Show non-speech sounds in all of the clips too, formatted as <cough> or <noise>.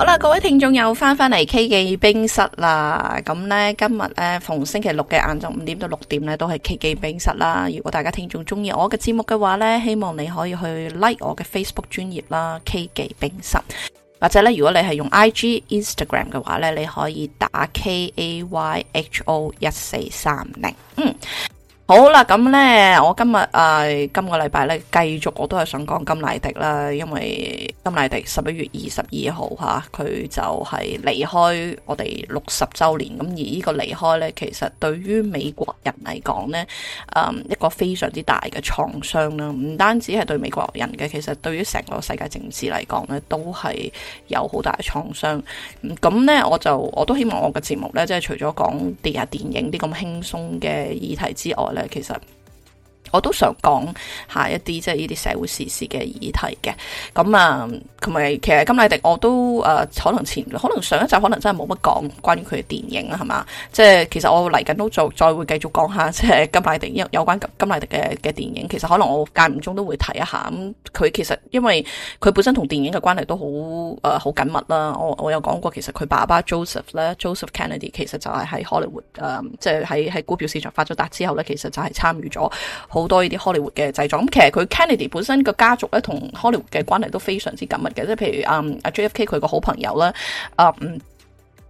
好啦，各位聽眾又翻返嚟 K 記冰室啦，咁呢，今日呢，逢星期六嘅晏晝五點到六點呢，都係 K 記冰室啦。如果大家聽眾中意我嘅節目嘅話呢，希望你可以去 like 我嘅 Facebook 專頁啦，K 記冰室，或者呢，如果你係用 I G Instagram 嘅話呢，你可以打 K A Y H O 一四三零，嗯。好啦，咁呢，我今日誒、呃，今個禮拜呢，繼續我都係想講甘迺迪啦，因為甘迺迪十一月二十二號吓，佢、啊、就係離開我哋六十周年。咁而呢個離開呢，其實對於美國人嚟講呢，誒、嗯，一個非常之大嘅創傷啦。唔單止係對美國人嘅，其實對於成個世界政治嚟講呢，都係有好大嘅創傷。咁呢，我就我都希望我嘅節目呢，即係除咗講電、電影啲咁輕鬆嘅議題之外呢其實，我都想講下一啲即係呢啲社會時事嘅議題嘅，咁啊，同埋其實甘迺迪我都誒、呃、可能前可能上一集可能真係冇乜講關於佢嘅電影啦，係嘛？即係其實我嚟緊都再再會繼續講下即係甘迺迪有有關甘迺迪嘅嘅電影。其實可能我間唔中都會提一下。咁佢其實因為佢本身同電影嘅關係都好誒好緊密啦。我我有講過其實佢爸爸 Joseph 咧 Joseph Kennedy 其實就係喺 Hollywood、呃、即係喺喺股票市場發咗達之後咧，其實就係參與咗好多呢啲 Hollywood 嘅製作，咁其實佢 Kennedy 本身個家族咧，同 Hollywood 嘅關係都非常之緊密嘅，即係譬如啊，JFK 佢個好朋友啦。啊嗯。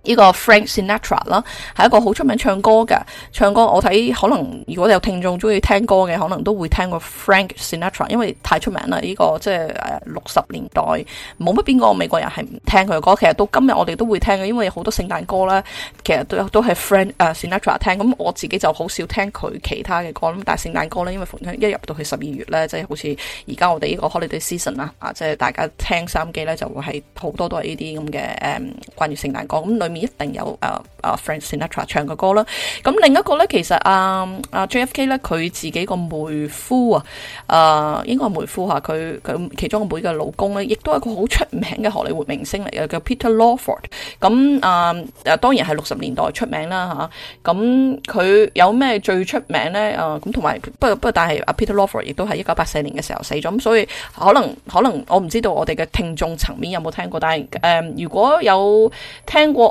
呢個 Frank Sinatra 啦，係一個好出名唱歌嘅。唱歌我睇可能如果有聽眾中意聽歌嘅，可能都會聽過 Frank Sinatra，因為太出名啦。呢個即係誒六十年代冇乜邊個美國人係唔聽佢嘅歌。其實到今日我哋都會聽嘅，因為好多聖誕歌咧，其實都都係 Frank、呃、Sinatra 聽，咁我自己就好少聽佢其他嘅歌。咁但係聖誕歌咧，因為逢一入到去十二月咧，即係好似而家我哋呢個 Holiday Season 啦，啊即係大家聽收音機咧，就會係好多都係呢啲咁嘅誒關於聖誕歌咁類面一定有誒誒、uh, uh, Frank Sinatra 唱嘅歌啦，咁另一個咧，其實阿阿、uh, uh, JFK 咧，佢自己個妹夫啊，誒、uh, 應該係妹夫嚇，佢佢其中個妹嘅老公咧，亦都係一個好出名嘅荷里活明星嚟嘅，叫 Peter Lawford。咁誒誒，uh, 當然係六十年代出名啦嚇。咁、啊、佢有咩最出名咧？誒咁同埋不過不過，但係阿 Peter Lawford 亦都係一九八四年嘅時候死咗。咁所以可能可能我唔知道我哋嘅聽眾層面有冇聽過，但係誒、uh, 如果有聽過。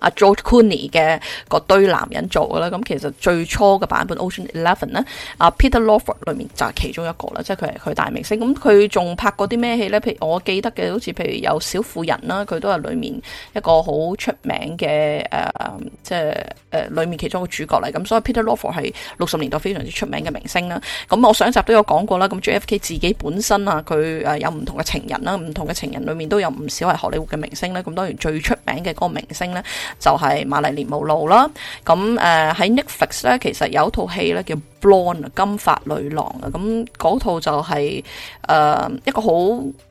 阿 George Clooney 嘅個堆男人做噶啦，咁其實最初嘅版本 Ocean Eleven 咧，阿 Peter Lawford 裏面就係其中一個啦，即係佢係佢大明星。咁佢仲拍過啲咩戲咧？譬如我記得嘅，好似譬如有小婦人啦，佢都係裏面一個好出名嘅誒、呃，即係誒、呃、裏面其中一個主角嚟。咁所以 Peter Lawford 係六十年代非常之出名嘅明星啦。咁我上集都有講過啦。咁 JFK 自己本身啊，佢誒有唔同嘅情人啦，唔同嘅情人裏面都有唔少係荷里活嘅明星咧。咁當然最出名嘅嗰個明星咧。就係瑪麗蓮·夢露啦，咁誒喺 Netflix 咧，其實有套戲咧叫《Blonde》金髮女郎啊，咁嗰套就係、是、誒、呃、一個好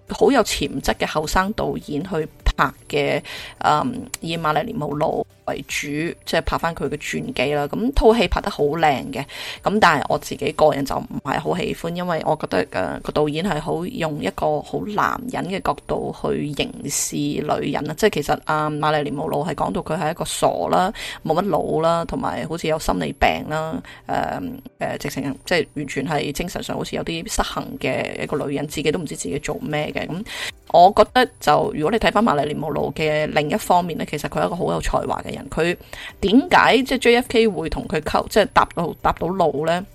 好有潛質嘅後生導演去拍嘅，誒以瑪麗蓮·夢露。為主，即係拍翻佢嘅傳記啦。咁套戲拍得好靚嘅，咁但係我自己個人就唔係好喜歡，因為我覺得誒個、呃、導演係好用一個好男人嘅角度去凝視女人。即係其實阿、啊、瑪麗蓮·夢露係講到佢係一個傻啦、冇乜腦啦，同埋好似有心理病啦，誒、呃、誒、呃、直情即係完全係精神上好似有啲失衡嘅一個女人，自己都唔知自己做咩嘅咁。我覺得就如果你睇翻《瑪麗蓮夢露》嘅另一方面呢，其實佢係一個好有才華嘅人，佢點解即係 JFK 會同佢溝，即係搭到搭到路呢。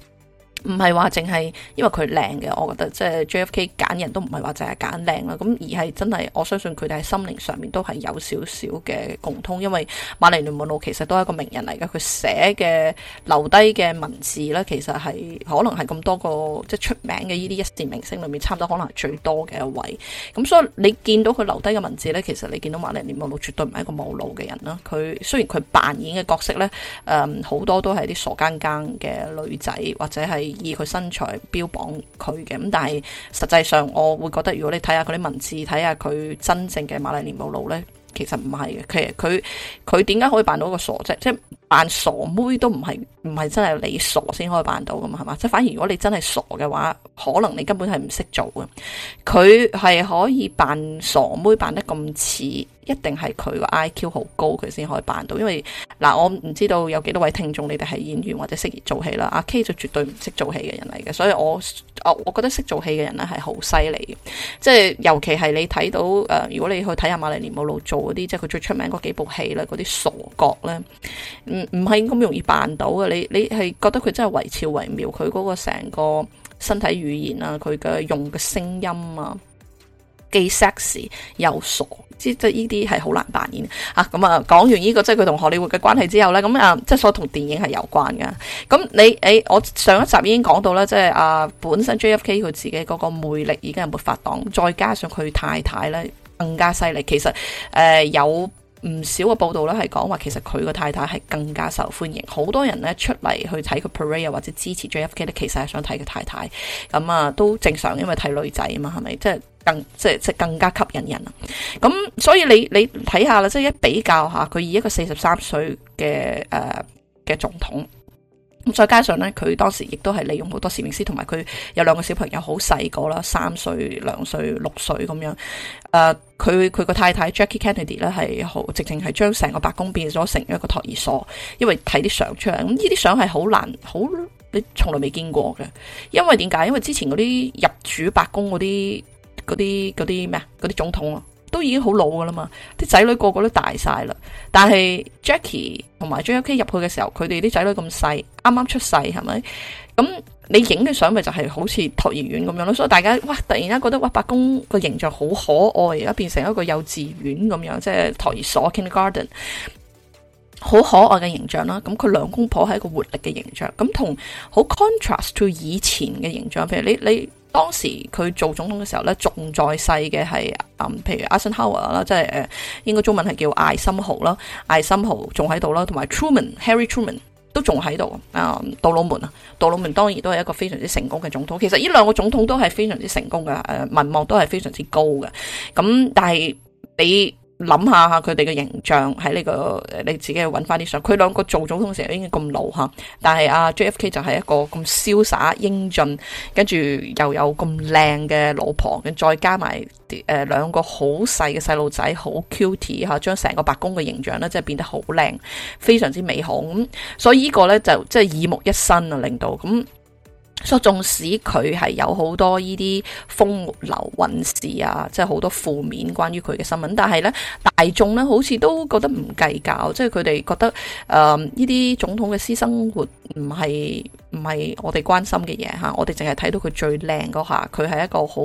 唔係話淨係因為佢靚嘅，我覺得即係 JFK 揀人都唔係話淨係揀靚啦，咁而係真係我相信佢哋喺心靈上面都係有少少嘅共通，因為瑪麗蓮夢露其實都係一個名人嚟嘅，佢寫嘅留低嘅文字咧，其實係可能係咁多個即係出名嘅呢啲一線明星裏面，差唔多可能係最多嘅一位。咁所以你見到佢留低嘅文字咧，其實你見到瑪麗蓮夢露絕對唔係一個冇腦嘅人啦。佢雖然佢扮演嘅角色咧，誒好多都係啲傻更更嘅女仔或者係。以佢身材標榜佢嘅。咁，但係實際上我會覺得，如果你睇下佢啲文字，睇下佢真正嘅瑪麗蓮夢露呢，其實唔係嘅。其實佢佢點解可以扮到一個傻仔？扮傻妹都唔係唔係真係你傻先可以扮到噶嘛，係嘛？即反而如果你真係傻嘅話，可能你根本係唔識做嘅。佢係可以扮傻妹扮得咁似，一定係佢個 IQ 好高，佢先可以扮到。因為嗱，我唔知道有幾多位聽眾你哋係演員或者識做戲啦。阿 K 就絕對唔識做戲嘅人嚟嘅，所以我。哦、oh，我覺得識做戲嘅人咧係好犀利，即係尤其係你睇到誒、呃，如果你去睇下瑪麗蓮夢露做嗰啲，即係佢最出名嗰幾部戲咧，嗰啲傻角咧，唔唔係咁容易扮到嘅。你你係覺得佢真係惟肖惟妙，佢嗰個成個身體語言啊，佢嘅用嘅聲音啊。既 sexy 又傻，即係呢啲係好難扮演啊！咁啊，講完呢、呢個即係佢同荷里活嘅關係之後呢，咁啊，即係所同電影係有關嘅。咁你誒，我上一集已經講到啦，即係啊本身 J F K 佢自己嗰個魅力已經係沒法擋，再加上佢太太呢更加犀利。其實誒、呃、有唔少嘅報道呢係講話，其實佢個太太係更加受歡迎。好多人呢出嚟去睇佢 parade 或者支持 J F K 咧，其實係想睇佢太太。咁啊，都正常，因為睇女仔啊嘛，係咪即係？更即係即係更加吸引人啦。咁所以你你睇下啦，即係一比較一下，佢以一個四十三歲嘅誒嘅總統咁，再加上呢，佢當時亦都係利用好多攝影師，同埋佢有兩個小朋友好細個啦，三歲、兩歲、六歲咁樣。誒、呃，佢佢個太太 Jackie Kennedy 咧係好直情係將成個白宮變咗成一個托兒所，因為睇啲相出嚟咁。呢啲相係好難好，你從來未見過嘅。因為點解？因為之前嗰啲入主白宮嗰啲。嗰啲啲咩啊？嗰啲總統啊都已經好老噶啦嘛，啲仔女個個都大晒啦。但係 Jackie 同埋 JFK 入去嘅時候，佢哋啲仔女咁細，啱啱出世係咪？咁你影嘅相咪就係好似托兒院咁樣咯。所以大家哇，突然間覺得哇，白宮個形象好可愛，而家變成一個幼稚園咁樣，即係托兒所 （kindergarten） 好可愛嘅形象啦。咁佢兩公婆係一個活力嘅形象，咁同好 contrast to 以前嘅形象，譬如你你。當時佢做總統嘅時候呢，仲在世嘅係，嗯，譬如 Eisenhower 啦，即係誒，應該中文係叫艾森豪啦，艾森豪仲喺度啦，同埋 Truman，Harry Truman 都仲喺度，啊、嗯，杜魯門啊，杜魯門當然都係一個非常之成功嘅總統，其實呢兩個總統都係非常之成功嘅，誒，民望都係非常之高嘅，咁但係比。諗下吓佢哋嘅形象喺呢個，你自己去搵翻啲相，佢兩個做總統時候已經咁老吓，但係阿 J F K 就係一個咁瀟灑英俊，跟住又有咁靚嘅老婆，跟再加埋誒兩個好細嘅細路仔好 cute 吓，將成個白宮嘅形象咧，即係變得好靚，非常之美好咁，所以呢個咧，就即係耳目一新啊，令到咁。所以，縱使佢係有好多呢啲風流韻事啊，即係好多負面關於佢嘅新聞，但係咧，大眾咧好似都覺得唔計較，即係佢哋覺得誒呢啲總統嘅私生活唔係唔係我哋關心嘅嘢吓，我哋淨係睇到佢最靚嗰下，佢係一個好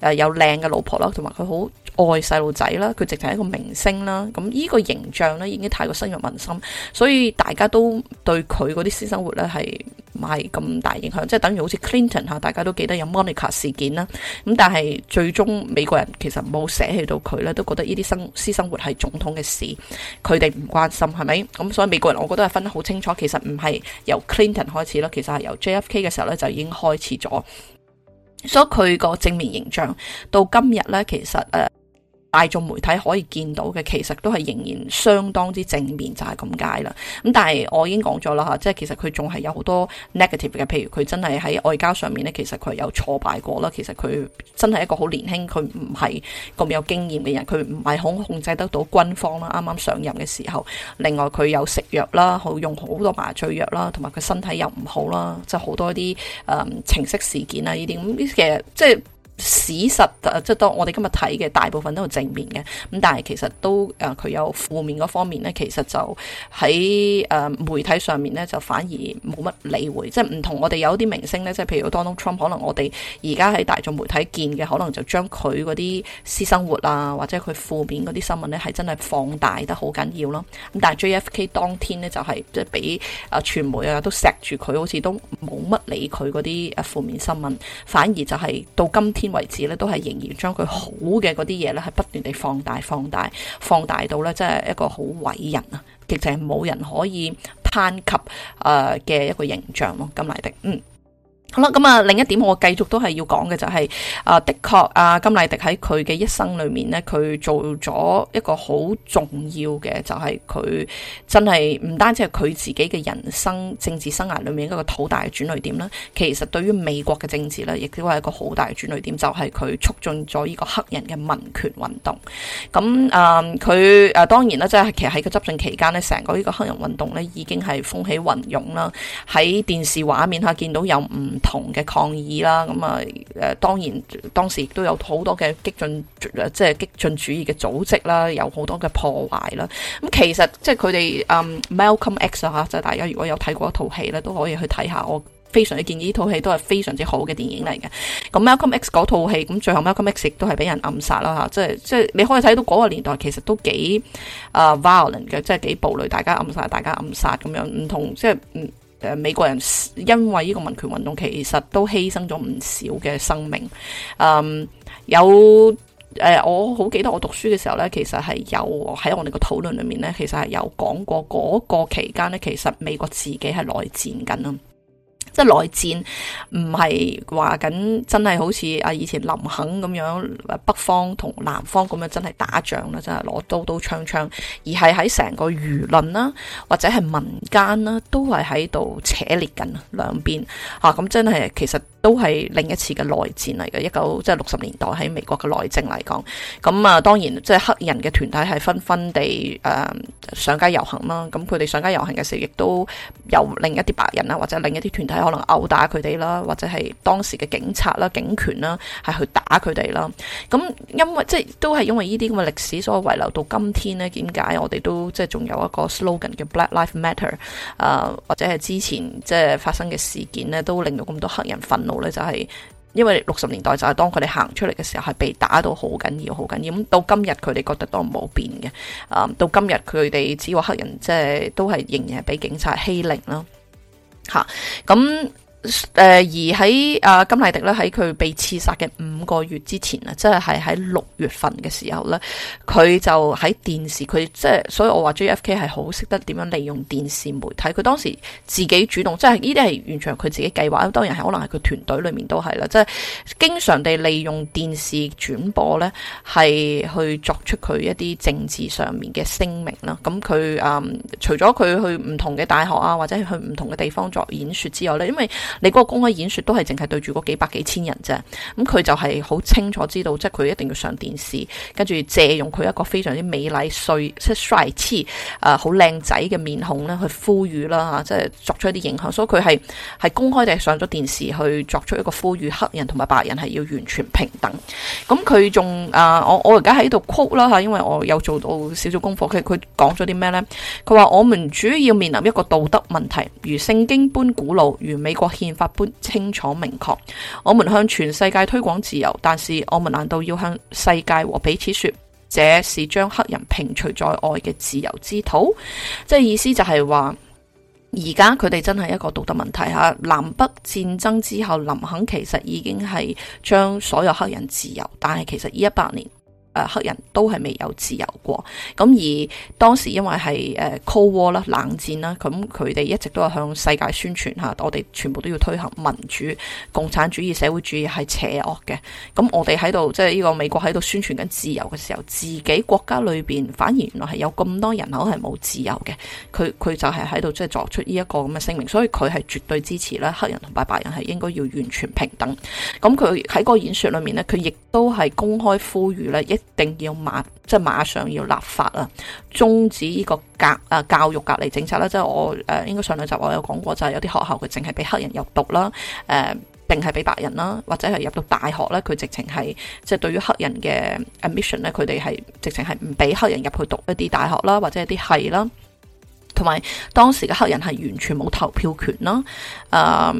誒有靚嘅老婆啦，同埋佢好愛細路仔啦，佢直情係一個明星啦，咁呢個形象咧已經太過深入民心，所以大家都對佢啲私生活咧係唔係咁大影響，即係。等於好似 Clinton 吓，大家都記得有 Monica 事件啦。咁但係最終美國人其實冇捨棄到佢咧，都覺得呢啲生私生活係總統嘅事，佢哋唔關心，係咪？咁所以美國人我覺得係分得好清楚，其實唔係由 Clinton 開始咯，其實係由 JFK 嘅時候咧就已經開始咗。所以佢個正面形象到今日咧，其實誒。大眾媒體可以見到嘅，其實都係仍然相當之正面就，就係咁解啦。咁但係我已經講咗啦，吓，即係其實佢仲係有好多 negative 嘅，譬如佢真係喺外交上面呢，其實佢有挫敗過啦。其實佢真係一個好年輕，佢唔係咁有經驗嘅人，佢唔係好控制得到軍方啦。啱啱上任嘅時候，另外佢有食藥啦，佢用好多麻醉藥啦，同埋佢身體又唔好啦，就是呃，即係好多啲誒情色事件啊呢啲咁，啲即係。事實即係當我哋今日睇嘅大部分都係正面嘅，咁但係其實都誒佢、呃、有負面嗰方面呢，其實就喺誒、呃、媒體上面呢，就反而冇乜理會，即係唔同我哋有啲明星呢，即係譬如 Donald Trump，可能我哋而家喺大眾媒體見嘅，可能就將佢嗰啲私生活啊或者佢負面嗰啲新聞呢，係真係放大得好緊要咯。咁但係 JFK 當天呢，就係即係俾誒傳媒啊都錫住佢，好似都冇乜理佢嗰啲負面新聞，反而就係到今天為止咧，都係仍然將佢好嘅嗰啲嘢咧，係不斷地放大、放大、放大到咧，即係一個好偉人啊，極盡冇人可以攀及誒嘅一個形象咯。甘迺迪，嗯。好啦，咁啊，另一點我繼續都係要講嘅就係、是、啊，的確啊，甘迺迪喺佢嘅一生裏面呢，佢做咗一個好重要嘅，就係、是、佢真係唔單止係佢自己嘅人生政治生涯裏面一個好大嘅轉捩點啦。其實對於美國嘅政治呢，亦都係一個好大嘅轉捩點，就係、是、佢促進咗呢個黑人嘅民權運動。咁啊，佢啊當然啦，即、就、係、是、其實喺佢執政期間呢，成個呢個黑人運動呢已經係風起雲湧啦。喺電視畫面下見到有唔同嘅抗議啦，咁啊，誒，當然當時亦都有好多嘅激進，即係激進主義嘅組織啦，有好多嘅破壞啦。咁其實即係佢哋，嗯，Malcolm X 啊，即係大家如果有睇過一套戲咧，都可以去睇下。我非常之建議呢套戲都係非常之好嘅電影嚟嘅。咁 Malcolm X 嗰套戲，咁最後 Malcolm X 亦都係俾人暗殺啦，吓，即係即係你可以睇到嗰個年代其實都幾，誒，violent 嘅，即係幾暴亂，大家暗殺，大家暗殺咁樣，唔同即係，嗯。誒美國人因為呢個民權運動，其實都犧牲咗唔少嘅生命。嗯、有、呃、我好記得我讀書嘅時候呢，其實係有喺我哋個討論裏面呢，其實係有講過嗰個期間呢，其實美國自己係內戰緊啊。即係內戰唔係話緊真係好似啊以前林肯咁樣，北方同南方咁樣真係打仗啦，真係攞刀刀槍槍，而係喺成個輿論啦，或者係民間啦，都係喺度扯裂緊兩邊吓，咁、啊嗯、真係其實都係另一次嘅內戰嚟嘅。一九即係六十年代喺美國嘅內政嚟講，咁、嗯、啊當然即係黑人嘅團體係紛紛地誒、呃、上街遊行啦。咁佢哋上街遊行嘅時候亦都有另一啲白人啊或者另一啲團體。可能毆打佢哋啦，或者係當時嘅警察啦、警權啦，係去打佢哋啦。咁因為即係都係因為呢啲咁嘅歷史所，所以遺留到今天呢，點解我哋都即係仲有一個 slogan 叫 Black Life Matter 啊、呃，或者係之前即係發生嘅事件呢，都令到咁多黑人憤怒呢？就係、是、因為六十年代就係、是、當佢哋行出嚟嘅時候係被打到好緊要、好緊要。咁到今日佢哋覺得都唔好變嘅，啊、呃，到今日佢哋只話黑人即係都係仍然係俾警察欺凌啦。吓，咁。誒而喺阿甘迺迪咧，喺佢被刺殺嘅五個月之前啊，即係喺六月份嘅時候咧，佢就喺電視。佢即係所以我話 JFK 係好識得點樣利用電視媒體。佢當時自己主動，即係呢啲係完全佢自己計劃，當然係可能係佢團隊裏面都係啦，即係經常地利用電視轉播咧，係去作出佢一啲政治上面嘅聲明啦。咁佢誒除咗佢去唔同嘅大學啊，或者去唔同嘅地方作演說之外咧，因為。你嗰個公開演說都係淨係對住嗰幾百幾千人啫，咁佢就係好清楚知道，即係佢一定要上電視，跟住借用佢一個非常之美麗，帥，即係帥氣，好靚仔嘅面孔咧去呼籲啦、啊、即係作出一啲影響，所以佢係係公開地上咗電視去作出一個呼籲，黑人同埋白人係要完全平等。咁佢仲啊我我而家喺度 quote 啦，因為我有做到少少功課，佢佢講咗啲咩咧？佢話我們主要面臨一個道德問題，如聖經般古老，如美國。憲法般清楚明確，我們向全世界推廣自由，但是我們難道要向世界和彼此說，這是將黑人排除在外嘅自由之土？即係意思就係話，而家佢哋真係一個道德問題吓。南北戰爭之後，林肯其實已經係將所有黑人自由，但係其實呢一百年。誒，黑人都係未有自由過，咁而當時因為係誒 Cold War 啦，冷戰啦，咁佢哋一直都係向世界宣傳吓，我哋全部都要推行民主、共產主義、社會主義係邪惡嘅，咁我哋喺度即係呢個美國喺度宣傳緊自由嘅時候，自己國家裏邊反而原來係有咁多人口係冇自由嘅，佢佢就係喺度即係作出呢一個咁嘅聲明，所以佢係絕對支持咧黑人同埋白、白人係應該要完全平等，咁佢喺個演說裏面呢，佢亦都係公開呼籲咧一，一定要馬即係、就是、馬上要立法啦，終止呢個隔啊教育隔離政策啦，即、就、係、是、我誒應該上兩集我有講過，就係有啲學校佢淨係俾黑人入讀啦，誒、呃、定係俾白人啦，或者係入到大學呢？佢直情係即係對於黑人嘅 admission 呢，佢哋係直情係唔俾黑人入去讀一啲大學啦，或者一啲係啦，同埋當時嘅黑人係完全冇投票權啦，誒、呃。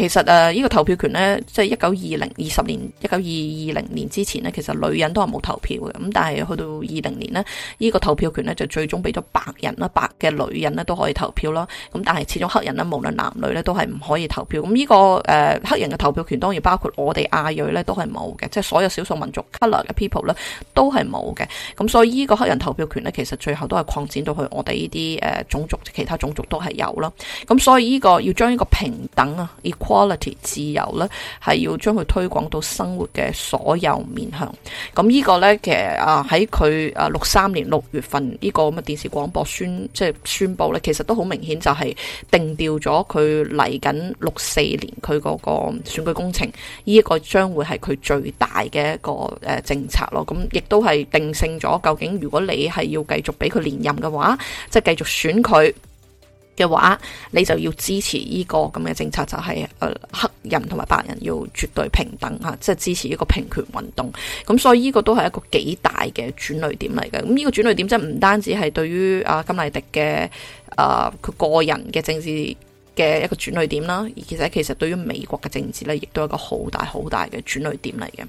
其實誒呢、這個投票權呢，即係一九二零二十年、一九二二零年之前呢，其實女人都係冇投票嘅。咁但係去到二零年呢，呢、這個投票權呢，就最終俾咗白人啦、白嘅女人呢都可以投票啦。咁但係始終黑人呢，無論男女呢都係唔可以投票。咁、這、呢個誒黑人嘅投票權當然包括我哋亞裔呢都係冇嘅，即係所有少數民族 colour 嘅 people 呢都係冇嘅。咁所以呢個黑人投票權呢，其實最後都係擴展到去我哋呢啲誒種族其他種族都係有啦。咁所以呢個要將呢個平等啊，Quality 自由咧，係要將佢推廣到生活嘅所有面向。咁呢個咧，其實啊喺佢啊六三年六月份呢個咁嘅電視廣播宣即係宣佈咧，其實都好明顯就係定調咗佢嚟緊六四年佢嗰個選舉工程。呢一個將會係佢最大嘅一個誒政策咯。咁亦都係定性咗，究竟如果你係要繼續俾佢連任嘅話，即係繼續選佢。嘅話，你就要支持呢個咁嘅政策，就係、是、誒黑人同埋白人要絕對平等吓，即係支持一個平權運動。咁所以呢個都係一個幾大嘅轉捩點嚟嘅。咁、這、呢個轉捩點即係唔單止係對於阿甘迺迪嘅誒佢個人嘅政治嘅一個轉捩點啦，而其實其實對於美國嘅政治呢，亦都係一個好大好大嘅轉捩點嚟嘅。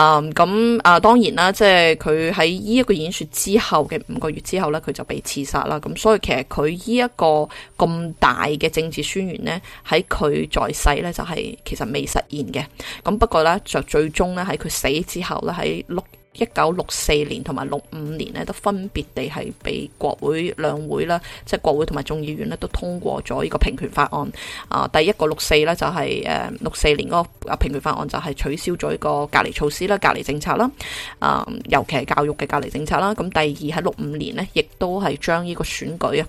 嗯，咁啊當然啦，即係佢喺呢一個演說之後嘅五個月之後呢，佢就被刺殺啦。咁所以其實佢呢一個咁大嘅政治宣言呢，喺佢在世呢就係其實未實現嘅。咁不過呢，就最終呢，喺佢死之後呢，喺六一九六四年同埋六五年咧，都分別地係俾國會兩會啦，即係國會同埋眾議院咧，都通過咗呢個平權法案。啊、呃，第一個六四呢、就係，就係誒六四年嗰個平權法案，就係取消咗呢個隔離措施啦、隔離政策啦。啊、呃，尤其係教育嘅隔離政策啦。咁第二喺六五年呢，亦都係將呢個選舉啊，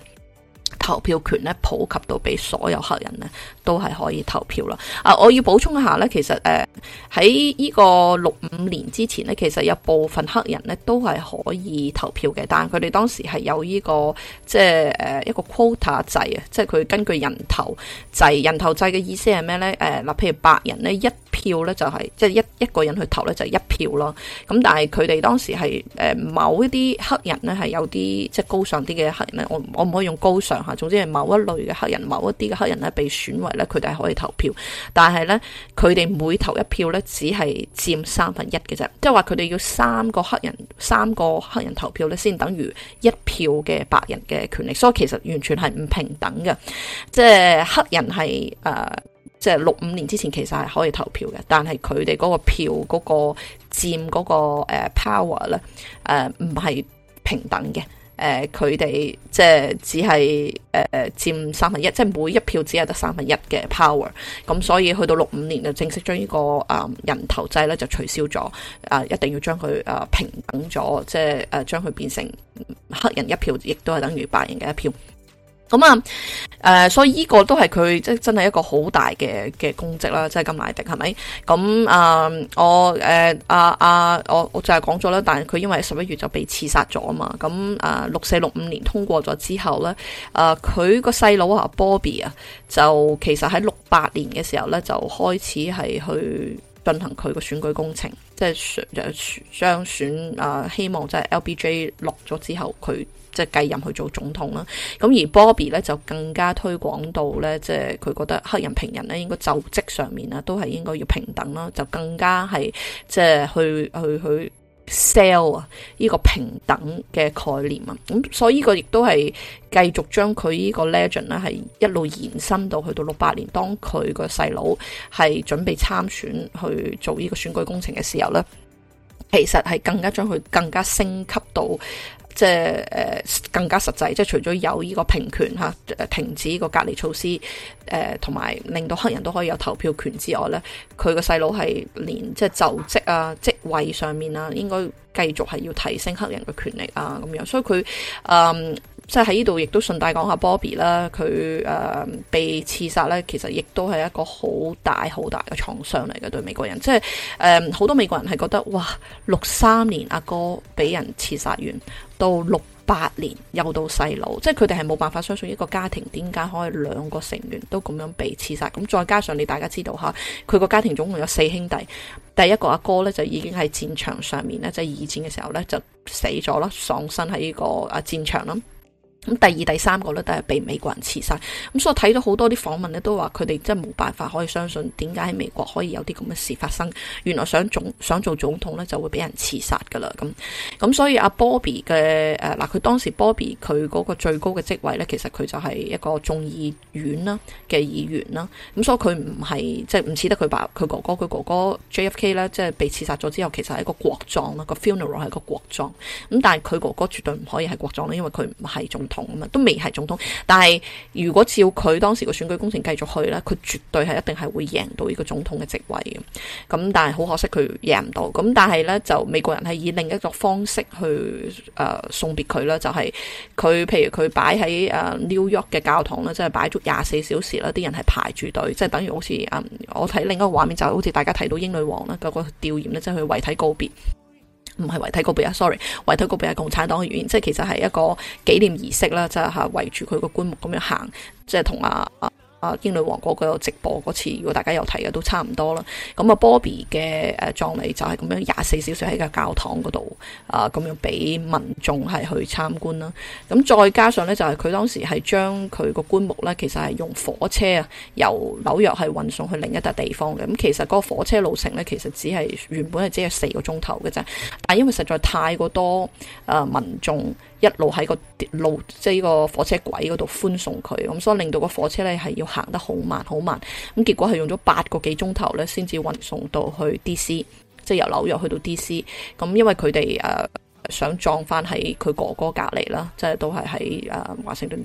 投票權咧，普及到俾所有黑人咧，都係可以投票啦。啊，我要補充一下咧，其實誒喺呢個六五年之前咧，其實有部分黑人咧都係可以投票嘅，但係佢哋當時係有呢個即係誒一個 quota 制啊，即係佢根據人頭制。人頭制嘅意思係咩咧？誒嗱，譬如白人咧一票咧就係即係一一個人去投咧就係一票咯。咁但係佢哋當時係誒某一啲黑人咧係有啲即係高尚啲嘅黑人咧，我我唔可以用高尚嚇。總之係某一類嘅黑人，某一啲嘅黑人咧被選為咧，佢哋係可以投票，但係咧佢哋每投一票咧，只係佔三分一嘅啫，即係話佢哋要三個黑人三個黑人投票咧，先等於一票嘅白人嘅權力，所以其實完全係唔平等嘅。即係黑人係誒，即係六五年之前其實係可以投票嘅，但係佢哋嗰個票嗰個佔嗰個誒 power 咧誒，唔係平等嘅。誒佢哋即係只係誒誒佔三分一，即係、呃、每一票只係得三分一嘅 power。咁所以去到六五年就正式將、這個呃、呢個誒人頭制咧就取消咗。啊、呃，一定要將佢誒、呃、平等咗，即係誒、呃、將佢變成黑人一票，亦都係等於白人嘅一票。咁、嗯、啊，誒、呃，所以呢個都係佢即係真係一個好大嘅嘅功績啦，即係甘迺迪係咪？咁啊、嗯，我誒，阿、呃呃呃呃呃、我我就係講咗啦，但係佢因為十一月就被刺殺咗啊嘛。咁、嗯、啊，六四六五年通過咗之後咧，誒、呃，佢個細佬啊，Bobby 啊，就其實喺六八年嘅時候咧就開始係去進行佢個選舉工程，即係將選啊、呃，希望即係 LBJ 落咗之後佢。即係繼任去做總統啦，咁而 Bobby 咧就更加推廣到咧，即係佢覺得黑人平人咧，應該就職上面啊，都係應該要平等啦，就更加係即係去去去 sell 啊呢個平等嘅概念啊，咁所以呢個亦都係繼續將佢呢個 legend 咧係一路延伸到去到六八年，當佢個細佬係準備參選去做呢個選舉工程嘅時候咧，其實係更加將佢更加升級到。即係、呃、更加實際，即係除咗有呢個平權、啊、停止呢個隔離措施，誒同埋令到黑人都可以有投票權之外咧，佢個細佬係連即係就職啊職位上面啊，應該繼續係要提升黑人嘅權力啊咁樣。所以佢誒、嗯、即係喺呢度亦都順帶講下 Bobby 啦，佢、嗯、誒被刺殺咧，其實亦都係一個好大好大嘅創傷嚟嘅對美國人，即係、嗯、好多美國人係覺得哇六三年阿哥俾人刺殺完。到六八年，又到細佬，即係佢哋係冇辦法相信一個家庭點解可以兩個成員都咁樣被刺殺？咁再加上你大家知道吓，佢個家庭總共有四兄弟，第一個阿哥呢，就已經喺戰場上面呢，即係二戰嘅時候呢，就死咗啦，喪身喺呢個啊戰場啦。咁第二、第三個咧都係被美國人刺殺，咁所以我睇到好多啲訪問咧都話佢哋真係冇辦法可以相信點解喺美國可以有啲咁嘅事發生，原來想總想做總統咧就會俾人刺殺噶啦，咁咁所以阿 Bobby 嘅、誒、嗱，佢當時 Bobby 佢嗰個最高嘅職位咧其實佢就係一個眾議院啦嘅議員啦，咁所以佢唔係即係唔似得佢爸、佢哥哥，佢哥哥 JFK 咧即係被刺殺咗之後其實係一個國葬啦，個 funeral 係一個國葬，咁但係佢哥哥絕對唔可以係國葬，因為佢唔係總統。都未係總統，但係如果照佢當時個選舉工程繼續去呢，佢絕對係一定係會贏到呢個總統嘅職位嘅。咁但係好可惜佢贏唔到。咁但係呢，就美國人係以另一個方式去誒、呃、送別佢啦，就係、是、佢譬如佢擺喺 New York 嘅教堂呢，即係擺足廿四小時啦，啲人係排住隊，即、就、係、是、等於好似誒、嗯、我睇另一個畫面，就好似大家睇到英女王啦，個個弔唁呢，即係去遺體告別。唔係遺體告別啊，sorry，遺體告別係共產黨嘅語言，即係其實係一個紀念儀式啦，就係吓圍住佢個棺木咁樣行，即係同阿阿。啊！英女王嗰個直播嗰次，如果大家有睇嘅都差唔多啦。咁啊，Bobby 嘅誒葬禮就係咁樣廿四小時喺個教堂嗰度啊，咁樣俾民眾係去參觀啦。咁再加上咧，就係、是、佢當時係將佢個棺木咧，其實係用火車啊由紐約係運送去另一笪地方嘅。咁其實嗰個火車路程咧，其實只係原本係只有四個鐘頭嘅啫。但因為實在太過多啊、呃、民眾。一路喺個路，即係呢個火車軌嗰度歡送佢，咁所以令到個火車咧係要行得好慢，慢，好慢，咁結果係用咗八個幾鐘頭咧，先至運送到去 D.C，即係由紐約去到 D.C，咁因為佢哋誒。呃想撞翻喺佢哥哥隔籬啦，即係都係喺誒華盛頓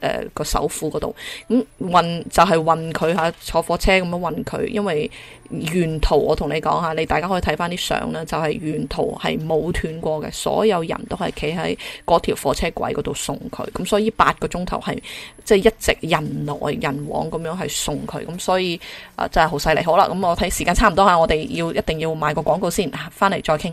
誒個首府嗰度，咁、啊、運就係運佢吓坐火車咁樣運佢，因為沿途我同你講下，你大家可以睇翻啲相啦，就係、是、沿途係冇斷過嘅，所有人都係企喺嗰條火車軌嗰度送佢，咁所以八個鐘頭係即係一直人來人往咁樣係送佢，咁所以啊真係好犀利。好啦，咁我睇時間差唔多吓，我哋要一定要買個廣告先，翻嚟再傾。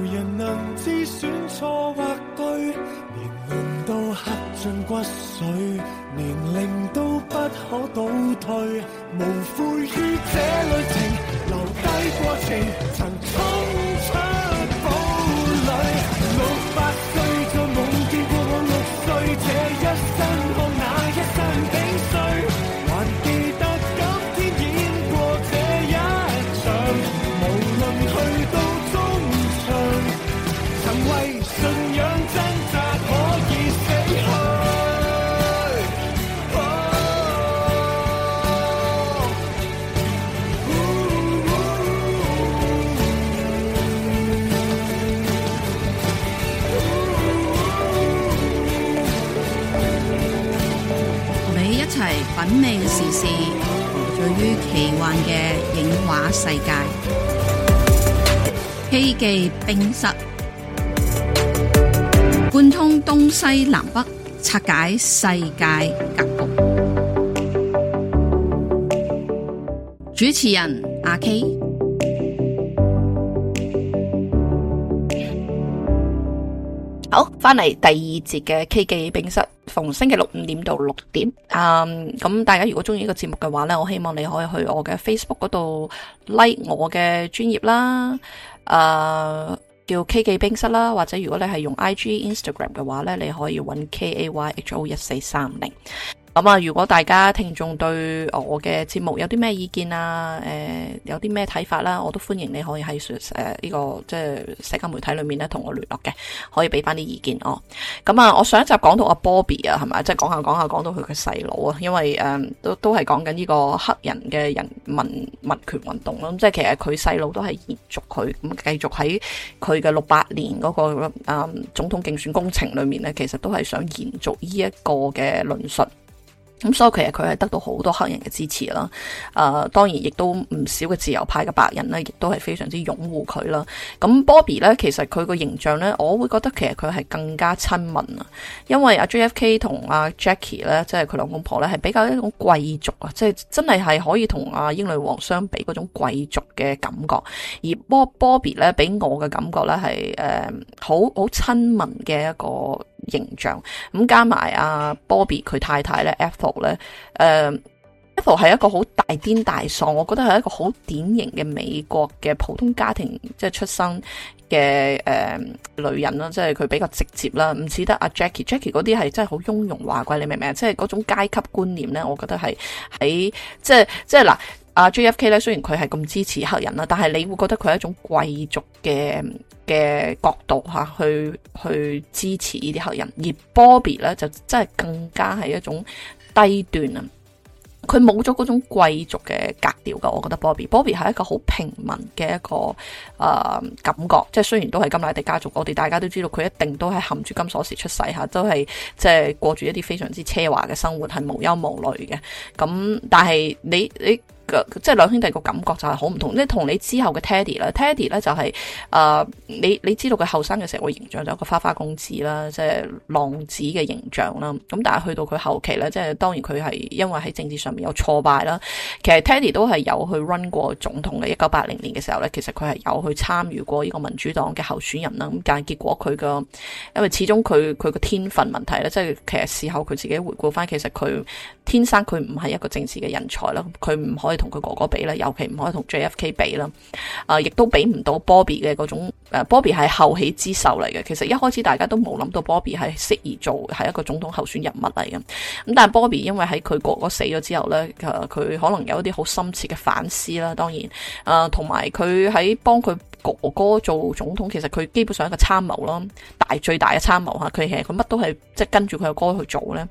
冰室貫通東西南北，拆解世界格局。主持人阿 K，好，翻嚟第二節嘅 K 記冰室，逢星期六五點到六點。嗯，咁大家如果中意呢個節目嘅話呢，我希望你可以去我嘅 Facebook 嗰度 like 我嘅專頁啦。誒、uh，叫 K 記冰室啦，或者如果你係用 I G Instagram 嘅話咧，你可以揾 K A Y H O 一四三零。咁啊！如果大家聽眾對我嘅節目有啲咩意見啊？誒、呃，有啲咩睇法啦？我都歡迎你可以喺誒呢個、這個、即係社交媒體裏面咧同我聯絡嘅，可以俾翻啲意見哦。咁啊，我上一集講到阿 Bobby 啊，係咪？即係講下講下講到佢嘅細佬啊，因為誒、呃、都都係講緊呢個黑人嘅人民民權運動咯。即係其實佢細佬都係延續佢咁繼續喺佢嘅六八年嗰、那個啊、嗯、總統競選工程裏面咧，其實都係想延續呢一個嘅論述。咁、嗯、所以其實佢係得到好多黑人嘅支持啦，誒、呃、當然亦都唔少嘅自由派嘅白人呢，亦都係非常之擁護佢啦。咁 Bobby 呢，其實佢個形象呢，我會覺得其實佢係更加親民啊，因為阿 JFK 同阿 Jackie 呢，即係佢兩公婆呢，係比較一種貴族啊，即係真係係可以同阿英女皇相比嗰種貴族嘅感覺。而 Bob Bobby 呢，俾我嘅感覺呢，係誒好好親民嘅一個。形象。咁加埋阿 Bobby 佢太太咧，Ethel 咧，誒，Ethel 係一個好大癲大喪，我覺得係一個好典型嘅美國嘅普通家庭即係、就是、出生嘅誒、呃、女人咯，即係佢比較直接啦，唔似得阿 Jackie，Jackie 嗰啲係真係好雍容華貴，你明唔明啊？即係嗰種階級觀念咧，我覺得係喺、就是、即係即係嗱。啊、uh，J.F.K. 咧，雖然佢係咁支持黑人啦，但係你會覺得佢係一種貴族嘅嘅角度吓、啊，去去支持呢啲黑人。而 Bobby 咧就真係更加係一種低端啊，佢冇咗嗰種貴族嘅格調噶。我覺得 Bobby，Bobby 係 Bobby 一個好平民嘅一個誒、呃、感覺。即係雖然都係甘迺迪家族，我哋大家都知道佢一定都係含住金鎖匙出世吓、啊，都係即係過住一啲非常之奢華嘅生活，係無憂無慮嘅。咁但係你你。你即係兩兄弟個感覺就係好唔同，即係同你之後嘅 Teddy 啦 Teddy 咧就係、是、誒、呃，你你知道佢後生嘅時候個形象就有個花花公子啦，即係浪子嘅形象啦。咁但係去到佢後期咧，即係當然佢係因為喺政治上面有挫敗啦。其實 Teddy 都係有去 run 過總統嘅，一九八零年嘅時候咧，其實佢係有去參與過呢個民主黨嘅候選人啦。咁但係結果佢個因為始終佢佢個天分問題咧，即係其實事後佢自己回顧翻，其實佢天生佢唔係一個政治嘅人才啦，佢唔可以。同佢哥哥比咧，尤其唔可以同 J.F.K. 比啦。啊、呃，亦都比唔到 Bobby 嘅嗰種誒，Bobby 係後起之秀嚟嘅。其實一開始大家都冇諗到 Bobby 係適宜做係一個總統候選人物嚟嘅。咁但係 Bobby 因為喺佢哥哥死咗之後呢，佢、呃、可能有一啲好深切嘅反思啦。當然，誒同埋佢喺幫佢哥哥做總統，其實佢基本上一個參謀啦，大最大嘅參謀吓。佢其實佢乜都係即係跟住佢嘅哥去做呢。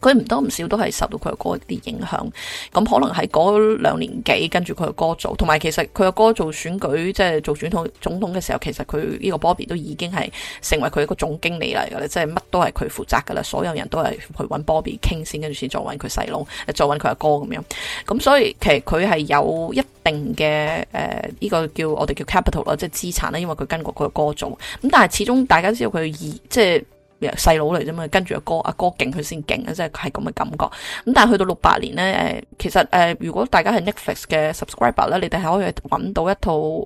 佢唔多唔少都係受到佢阿哥啲影響，咁可能係嗰兩年幾跟住佢阿哥做，同埋其實佢阿哥做選舉，即係做總統總統嘅時候，其實佢呢個 Bobby 都已經係成為佢一個總經理嚟噶啦，即係乜都係佢負責噶啦，所有人都係去搵 Bobby 傾先，跟住先再搵佢細佬，再搵佢阿哥咁樣。咁所以其實佢係有一定嘅誒，呢個叫我哋叫 capital 啦，即係資產啦，因為佢跟過佢阿哥做。咁但係始終大家知道佢即係細佬嚟啫嘛，跟住阿哥，阿哥勁佢先勁啊，即係係咁嘅感覺。咁但係去到六八年咧，誒，其實誒，如果大家係 Netflix 嘅 subscriber 咧，你哋係可以搵到一套誒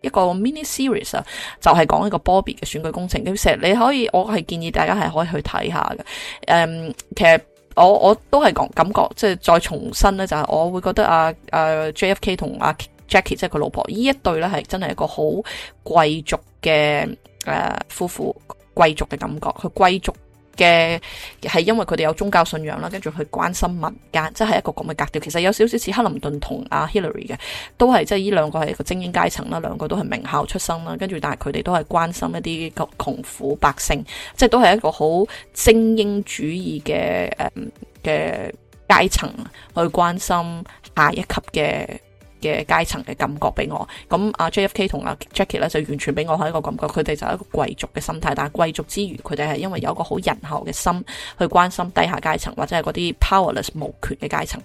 一個 mini series 啊，就係講一個 Bobby 嘅選舉工程。其實你可以，我係建議大家係可以去睇下嘅。誒，其實我我都係講感覺，即係再重申咧，就係我會覺得阿 JFK 同阿 Jackie 即係佢老婆呢一對咧，係真係一個好貴族嘅誒夫婦。貴族嘅感覺，佢貴族嘅係因為佢哋有宗教信仰啦，跟住去關心民間，即係一個咁嘅格調。其實有少少似克林頓同阿 Hillary 嘅，都係即係呢兩個係一個精英階層啦。兩個都係名校出身啦，跟住但係佢哋都係關心一啲窮窮苦百姓，即係都係一個好精英主義嘅誒嘅階層去關心下一級嘅。嘅階層嘅感覺俾我。咁阿 JFK 同阿 Jackie 咧，就完全俾我係一個感覺，佢哋就係一個貴族嘅心態，但係貴族之餘，佢哋係因為有一個好仁厚嘅心去關心低下階層或者係嗰啲 powerless 無權嘅階層。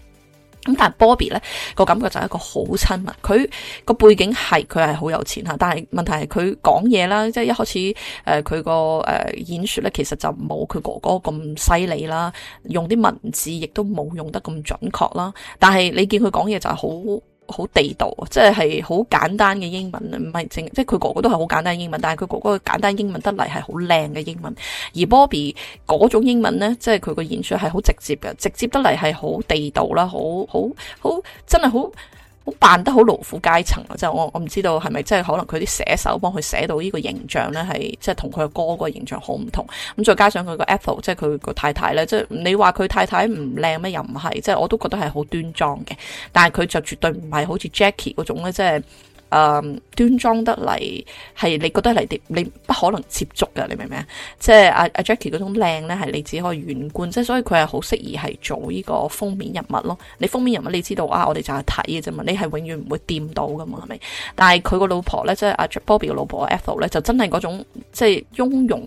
咁但係 Bobby 呢，那個感覺就係一個好親民，佢個背景係佢係好有錢㗎，但係問題係佢講嘢啦，即係一開始誒佢個誒演說呢，其實就冇佢哥哥咁犀利啦，用啲文字亦都冇用得咁準確啦。但係你見佢講嘢就係好。好地道啊！即係係好簡單嘅英文，唔係正，即係佢哥哥都係好簡單的英文，但係佢哥哥簡單英文得嚟係好靚嘅英文。而 Bobby 嗰種英文呢，即係佢個演說係好直接嘅，直接得嚟係好地道啦，好好好，真係好。扮得好勞苦階層啊，即係我我唔知道係咪即係可能佢啲寫手幫佢寫到呢個形象呢，係即係同佢個哥個形象好唔同。咁再加上佢個 Ethel 即係佢個太太呢，即係你話佢太太唔靚咩？又唔係，即係我都覺得係好端莊嘅。但係佢就絕對唔係好似 Jackie 嗰種呢，即係。誒、um,，端莊得嚟係你覺得嚟你不可能接觸㗎。你明唔明啊？即係阿阿 Jackie 嗰種靚咧，係你只可以遠觀，即係所以佢係好適宜係做呢個封面人物咯。你封面人物你知道啊，我哋就係睇嘅啫嘛，你係永遠唔會掂到㗎嘛，係咪？但係佢個老婆咧，即係阿 Bobby 嘅老婆 Ethel 咧，就真係嗰種即係雍容誒、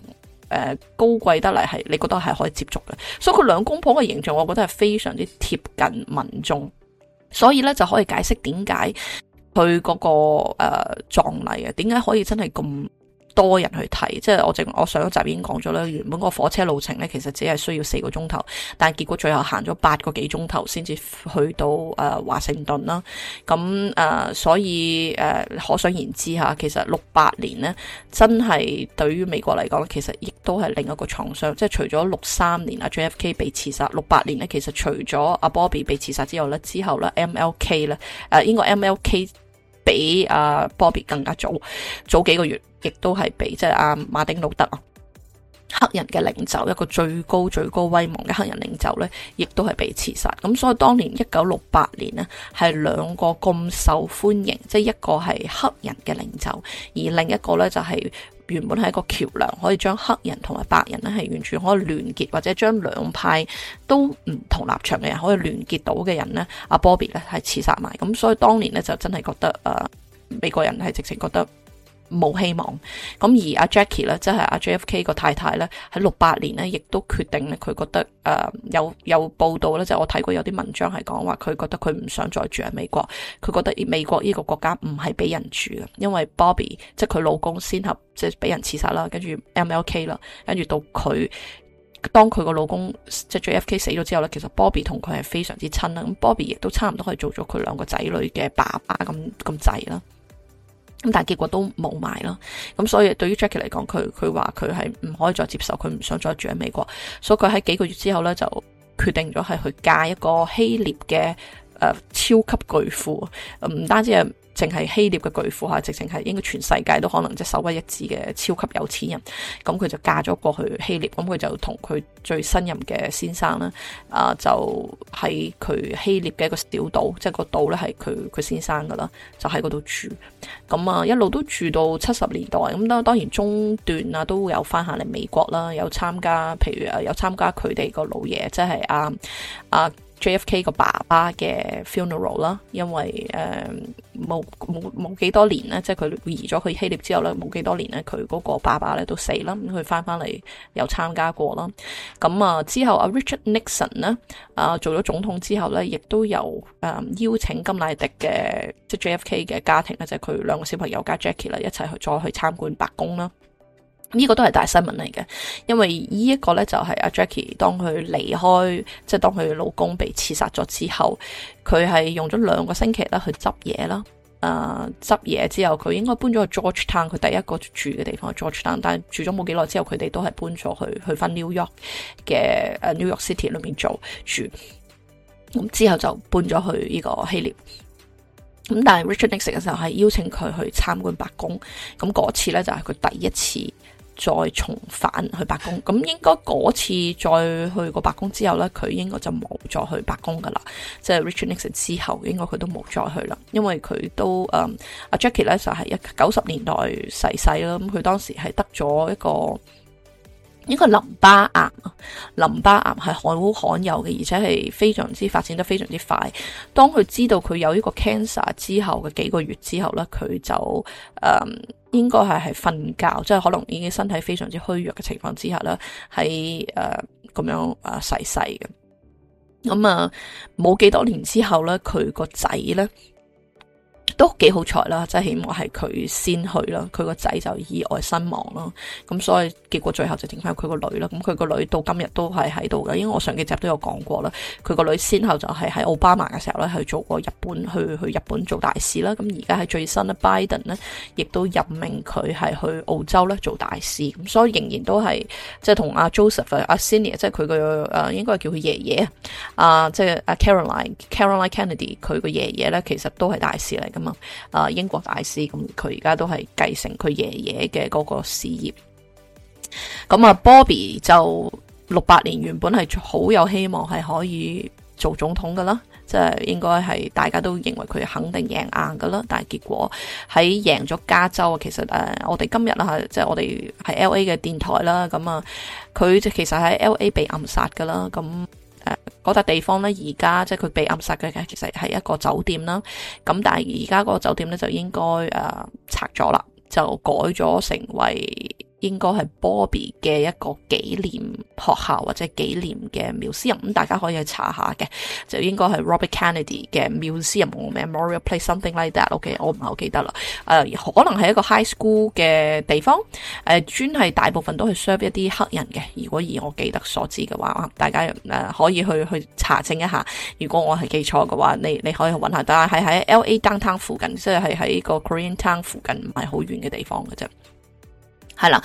呃、高貴得嚟，係你覺得係可以接觸嘅。所以佢兩公婆嘅形象，我覺得係非常之貼近民眾，所以咧就可以解釋點解。佢嗰、那個誒葬禮啊，點、呃、解可以真係咁多人去睇，即係我淨我上一集已經講咗啦。原本個火車路程咧，其實只係需要四個鐘頭，但係結果最後行咗八個幾鐘頭先至去到誒華盛頓啦。咁誒，所以誒，可想而知吓，其實六八年咧，真係對於美國嚟講，其實亦都係另一個創傷。即係除咗六三年啊 J.F.K. 被刺殺，六八年咧，其實除咗阿 Bobby 被刺殺之後咧，之後咧 M.L.K. 咧誒，應該 M.L.K. 比阿 Bobby 更加早早幾個月。亦都係被即係阿馬丁路德啊，黑人嘅領袖，一個最高最高威望嘅黑人領袖呢亦都係被刺殺。咁所以當年一九六八年呢，係兩個咁受歡迎，即係一個係黑人嘅領袖，而另一個呢，就係原本係一個橋樑，可以將黑人同埋白人呢係完全可以聯結，或者將兩派都唔同立場嘅人可以聯結到嘅人呢。阿波比呢係刺殺埋。咁所以當年呢，就真係覺得誒、呃，美國人係直情覺得。冇希望。咁而阿 Jackie 咧，即係阿 JFK 個太太呢，喺六八年呢亦都決定佢覺得誒有有報道呢就是、我睇過有啲文章係講話，佢覺得佢唔想再住喺美國，佢覺得美國呢個國家唔係俾人住嘅，因為 Bobby 即係佢老公先後，即係俾人刺殺啦，跟住 MLK 啦，跟住到佢當佢個老公即係、就是、JFK 死咗之後呢，其實 Bobby 同佢係非常之親啦。咁 Bobby 亦都差唔多係做咗佢兩個仔女嘅爸爸咁咁滯啦。咁但係結果都冇埋啦，咁所以對於 Jackie 嚟講，佢佢話佢係唔可以再接受，佢唔想再住喺美國，所以佢喺幾個月之後咧就決定咗係去嫁一個希臘嘅誒超級巨富，唔單止係，淨係希臘嘅巨富嚇，直情係應該全世界都可能即係首屈一指嘅超級有錢人，咁佢就嫁咗過去希臘，咁佢就同佢最新任嘅先生啦，啊就喺、是、佢希臘嘅一個小島，即、就、係、是、個島咧係佢佢先生噶啦，就喺嗰度住，咁啊一路都住到七十年代，咁都當然中段啊，都會有翻下嚟美國啦，有參加，譬如啊有參加佢哋個老爺，即係阿阿。啊 J.F.K 的爸爸的 funeral,、嗯就是、個爸爸嘅 funeral 啦，因為誒冇冇冇幾多年咧，即係佢移咗去希臘之後咧，冇幾多年咧，佢嗰個爸爸咧都死啦。咁佢翻翻嚟又參加過啦。咁啊之後阿 Richard Nixon 咧啊做咗總統之後咧，亦都有誒、嗯、邀請甘迺迪嘅即係 J.F.K 嘅家庭咧，即係佢兩個小朋友加 Jackie 啦，一齊去再去參觀白宮啦。呢、這個都係大新聞嚟嘅，因為呢一個呢，就係阿 Jackie 當佢離開，即係當佢老公被刺殺咗之後，佢係用咗兩個星期啦去執嘢啦，執、呃、嘢之後佢應該搬咗去 Georgetown 佢第一個住嘅地方係 Georgetown，但係住咗冇幾耐之後佢哋都係搬咗去去翻 New York 嘅 New York City 裏面，做住，咁之後就搬咗去呢個希臘。咁但係 Richard Nixon 嘅時候係邀請佢去參觀白宮，咁嗰次呢，就係佢第一次。再重返去白宮，咁應該嗰次再去過白宮之後呢，佢應該就冇再去白宮噶啦。即、就、係、是、Richard Nixon 之後，應該佢都冇再去啦，因為佢都誒阿、um, Jackie 呢就係一九十年代逝世啦，咁佢當時係得咗一個。應該淋巴癌，淋巴癌係好罕有嘅，而且係非常之發展得非常之快。當佢知道佢有一個 cancer 之後嘅幾個月之後咧，佢就誒、嗯、應該係係瞓覺，即、就、係、是、可能已經身體非常之虛弱嘅情況之下咧，喺誒咁樣啊逝世嘅。咁、呃、啊，冇、嗯、幾多年之後咧呢，佢個仔呢都幾好彩啦，即係起碼係佢先去啦，佢個仔就意外身亡啦，咁所以結果最後就剩翻佢個女啦。咁佢個女到今日都係喺度嘅，因為我上幾集都有講過啦。佢個女先後就係喺奧巴馬嘅時候咧，係做過日本去去日本做大使啦。咁而家喺最新咧，拜登咧亦都任命佢係去澳洲咧做大使。咁所以仍然都係即係同阿 Joseph 阿、啊、Senior，即係佢個誒，應該係叫佢爺爺啊，即係阿 Caroline Caroline Kennedy 佢個爺爺咧，其實都係大使嚟。咁啊，啊英國大使咁，佢而家都係繼承佢爺爺嘅嗰個事業。咁啊，Bobby 就六八年原本係好有希望係可以做總統噶啦，即係應該係大家都認為佢肯定贏硬噶啦，但係結果喺贏咗加州啊，其實誒，就是、我哋今日啊，即係我哋係 L A 嘅電台啦，咁啊，佢其實喺 L A 被暗殺噶啦，咁。嗰、呃、笪、那個、地方咧，而家即係佢被暗殺嘅，其實係一個酒店啦。咁但係而家個酒店咧就應該誒、呃、拆咗啦，就改咗成為。應該係 Bobby 嘅一個紀念學校或者紀念嘅 museum。咁大家可以去查一下嘅，就應該係 Robert Kennedy 嘅 museum Memorial Place something like that，O、okay, K，我唔係好記得啦、呃，可能係一個 high school 嘅地方，誒專係大部分都係 serve 一啲黑人嘅。如果以我記得所知嘅話，大家可以去去查證一下。如果我係記錯嘅話，你你可以揾下。但係喺 L A downtown 附近，即係喺個 Korean Town 附近，唔係好遠嘅地方嘅啫。係啦，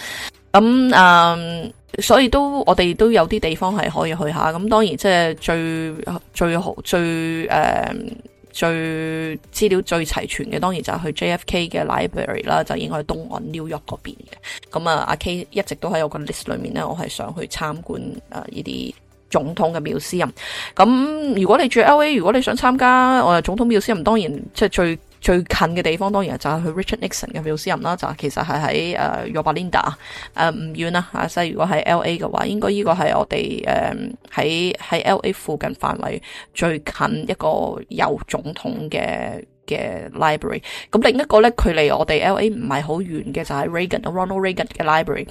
咁誒、嗯，所以都我哋都有啲地方係可以去一下，咁當然即係最最好最誒最資料最齊全嘅，當然就係、嗯、去 JFK 嘅 library 啦，就應該東岸 New York 嗰邊嘅。咁啊，阿 Kay 一直都喺我個 list 裏面咧，我係想去參觀誒呢啲總統嘅 museum。咁如果你住 LA，如果你想參加我哋、呃、總統 museum，當然即係最。最近嘅地方當然就係去 Richard Nixon 嘅 Museum 啦，就係其實係喺誒 Yorba Linda 唔遠啦阿西如果係 LA 嘅話，應該呢個係我哋誒喺喺 LA 附近範圍最近一個有總統嘅嘅 library。咁另一個咧距離我哋 LA 唔係好遠嘅，就係 Reagan、Ronald Reagan 嘅 library。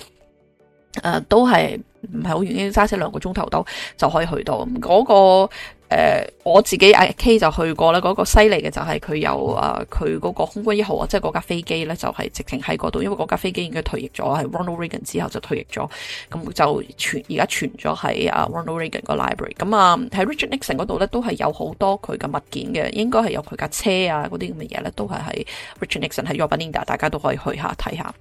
誒、uh, 都係唔係好遠，已經揸車兩個鐘頭到就可以去到嗰、那個誒、uh,，我自己 i K 就去過啦，嗰、那個犀利嘅就係佢有啊，佢、uh, 嗰個空軍一號啊，即係嗰架飛機咧，就係、是、直情喺嗰度，因為嗰架飛機應該退役咗，係 Ronald Reagan 之後就退役咗，咁就傳而家存咗喺啊 Ronald Reagan 個 library，咁啊喺 Richard Nixon 嗰度咧都係有好多佢嘅物件嘅，應該係有佢架車啊嗰啲咁嘅嘢，咧，都係喺 Richard Nixon 喺 y o b a n i n d a 大家都可以去下睇下。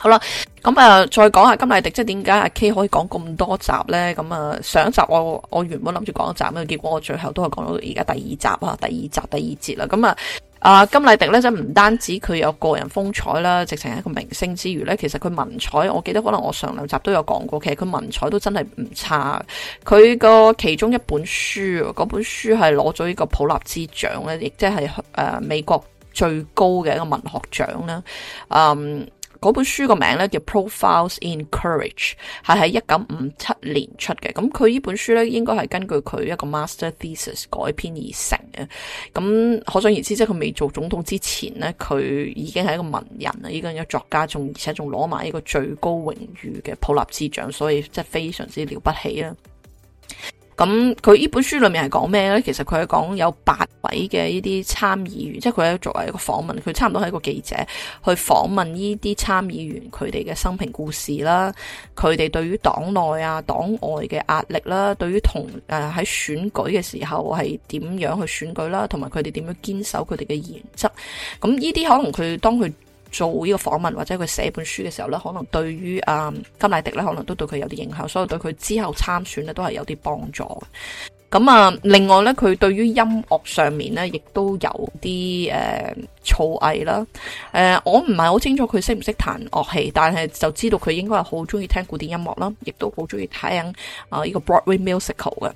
好啦，咁啊，再講下甘迺迪，即係點解阿 K 可以講咁多集呢？咁啊，上一集我我原本諗住講一集啦，結果我最後都係講到而家第二集，第二集第二節啦。咁啊，啊甘迺迪呢，即唔單止佢有個人風采啦，直情係一個明星之餘呢，其實佢文采，我記得可能我上兩集都有講過，其實佢文采都真係唔差。佢個其中一本書，嗰本書係攞咗個普立茲獎呢，亦即係誒美國最高嘅一個文學獎啦，嗯。嗰本書個名咧叫 Profiles in Courage，係喺一九五七年出嘅。咁佢呢本書咧應該係根據佢一個 master thesis 改編而成嘅。咁可想而知，即係佢未做總統之前咧，佢已經係一個文人啦，呢個作家，仲而且仲攞埋呢個最高榮譽嘅普立茲獎，所以即係非常之了不起啦。咁佢呢本書裏面係講咩呢？其實佢係講有八位嘅呢啲參議員，即係佢作為一個訪問，佢差唔多係一個記者去訪問呢啲參議員佢哋嘅生平故事啦，佢哋對於黨內啊黨外嘅壓力啦，對於同誒喺、呃、選舉嘅時候係點樣去選舉啦，同埋佢哋點樣堅守佢哋嘅原則。咁呢啲可能佢當佢做呢個訪問或者佢寫本書嘅時候呢，可能對於啊、呃、甘迺迪呢可能都對佢有啲影響，所以對佢之後參選呢都係有啲幫助嘅。咁啊，另外呢，佢對於音樂上面呢，亦都有啲誒造詣啦。誒、呃呃呃，我唔係好清楚佢識唔識彈樂器，但係就知道佢應該係好中意聽古典音樂啦，亦都好中意聽啊呢個 Broadway Musical 嘅。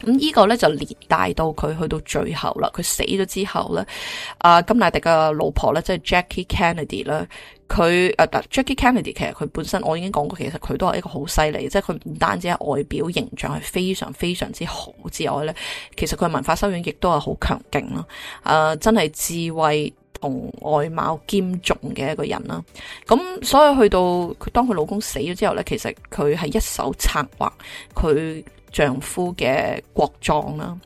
咁、這、呢個咧就連帶到佢去到最後啦，佢死咗之後咧，啊甘迺迪嘅老婆咧即係 Jackie Kennedy 啦，佢、呃、啊 Jackie Kennedy 其實佢本身我已經講過，其實佢都係一個好犀利，即係佢唔單止係外表形象係非常非常之好之外咧，其實佢文化修養亦都係好強勁啦，誒、呃、真係智慧同外貌兼重嘅一個人啦。咁所以去到佢當佢老公死咗之後咧，其實佢係一手策劃佢。丈夫嘅國葬啦，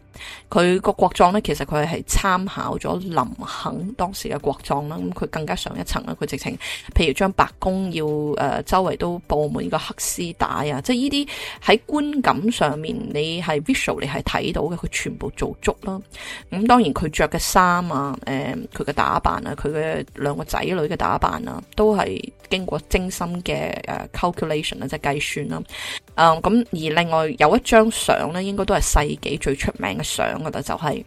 佢個國葬咧，其實佢係參考咗林肯當時嘅國葬啦，咁佢更加上一層啦，佢直情譬如將白宮要誒、呃、周圍都佈滿呢個黑絲帶啊，即係呢啲喺觀感上面你係 visual 你係睇到嘅，佢全部做足啦。咁當然佢着嘅衫啊，誒佢嘅打扮啊，佢嘅兩個仔女嘅打扮啊，都係經過精心嘅誒 calculation 啊，即係計算啦。誒咁而另外有一種張相咧，應該都係世紀最出名嘅相㗎喇。就係、是、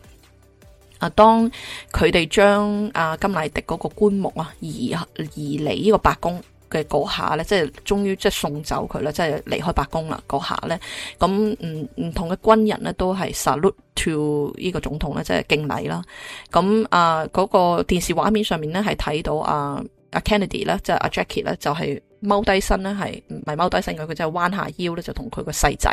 啊，當佢哋將啊甘迺迪嗰個棺木啊移移離呢個白宮嘅嗰下咧，即係終於即係送走佢啦，即係離開白宮啦嗰下咧，咁唔唔同嘅軍人咧都係 salute to 呢個總統咧，即、就、係、是、敬禮啦。咁啊嗰個電視畫面上面咧係睇到啊啊 Kennedy 咧，即係阿 Jackie 咧，就係、是。踎低身咧，係唔係踎低身佢？佢真係彎下腰咧，就同佢個細仔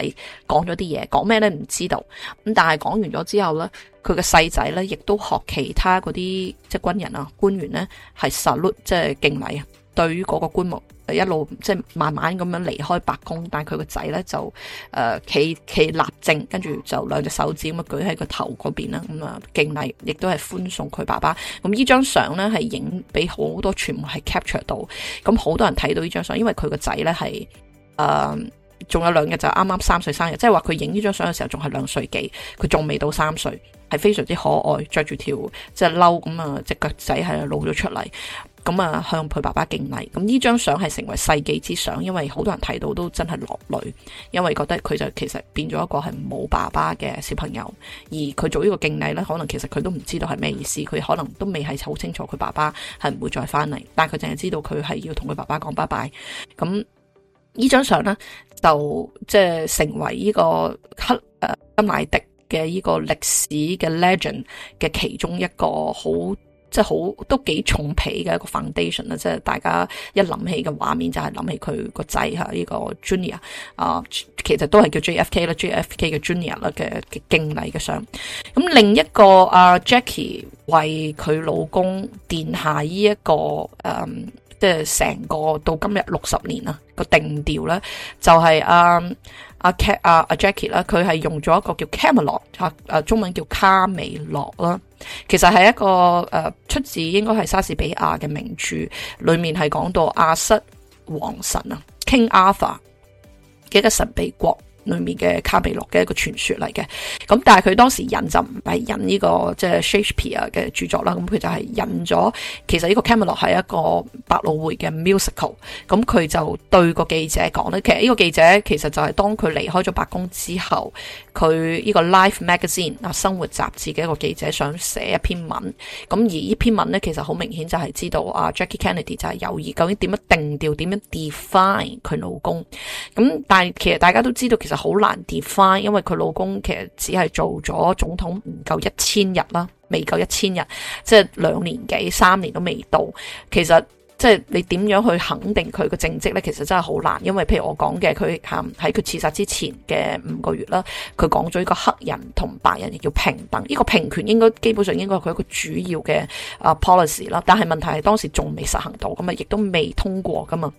講咗啲嘢，講咩咧唔知道。咁但係講完咗之後咧，佢個細仔咧，亦都學其他嗰啲即係軍人啊官員咧，係 salute 即係敬禮啊，對於嗰個棺木。一路即係慢慢咁樣離開白宮，但係佢個仔呢就誒企企立正，跟住就兩隻手指咁樣舉喺個頭嗰邊啦，咁啊敬禮，亦都係歡送佢爸爸。咁呢張相呢係影俾好多，全部係 capture 到，咁好多人睇到呢張相，因為佢個仔呢係誒仲有兩日就啱啱三歲生日，即係話佢影呢張相嘅時候仲係兩歲幾，佢仲未到三歲，係非常之可愛，着住條即係褸咁啊隻腳仔係露咗出嚟。咁啊，向佢爸爸敬禮。咁呢張相係成為世紀之相，因為好多人睇到都真係落淚，因為覺得佢就其實變咗一個係冇爸爸嘅小朋友。而佢做呢個敬禮呢，可能其實佢都唔知道係咩意思，佢可能都未係好清楚佢爸爸係唔會再翻嚟，但係佢淨係知道佢係要同佢爸爸講拜拜。咁呢張相呢，就即係成為呢個克，呃，甘迺迪嘅呢個歷史嘅 legend 嘅其中一個好。即係好，都幾重皮嘅一個 foundation 啦，即係大家一諗起嘅畫面就係、是、諗起佢個仔嚇呢個 Junior 啊，其實都係叫 JFK 啦、啊、，JFK 嘅 Junior 啦嘅敬禮嘅相。咁另一個、啊、Jackie 為佢老公殿下依、這、一個誒、啊，即係成個到今日六十年啦、啊、個定調咧，就係、是、啊，阿 K a 阿 Jackie 啦、啊，佢係用咗一個叫 Camelot 啊，誒、啊、中文叫卡美洛啦、啊，其實係一個誒、啊、出自應該係莎士比亞嘅名著，裡面係講到亞瑟王神啊 King Arthur 嘅一個神秘國。裡面嘅卡比洛嘅一個傳說嚟嘅，咁但係佢當時引就唔係引呢、這個即係 Shakespeare 嘅著作啦，咁佢就係引咗。其實呢個 Camelot 係一個百老匯嘅 musical，咁佢就對個記者講咧，其實呢個記者其實就係當佢離開咗白宮之後。佢呢個 Life Magazine 啊生活雜誌嘅一個記者想寫一篇文，咁而呢篇文呢，其實好明顯就係知道啊 Jackie Kennedy 就係猶豫究竟點樣定調點樣 define 佢老公，咁但其實大家都知道其實好難 define，因為佢老公其實只係做咗總統唔夠一千日啦，未夠一千日，即係兩年幾三年都未到，其實。即係你點樣去肯定佢個政績呢？其實真係好難，因為譬如我講嘅，佢喺佢刺殺之前嘅五個月啦，佢講咗一個黑人同白人亦叫平等，呢個平權應該基本上應該係佢一個主要嘅啊 policy 啦。但係問題係當時仲未實行到，咁啊亦都未通過㗎嘛，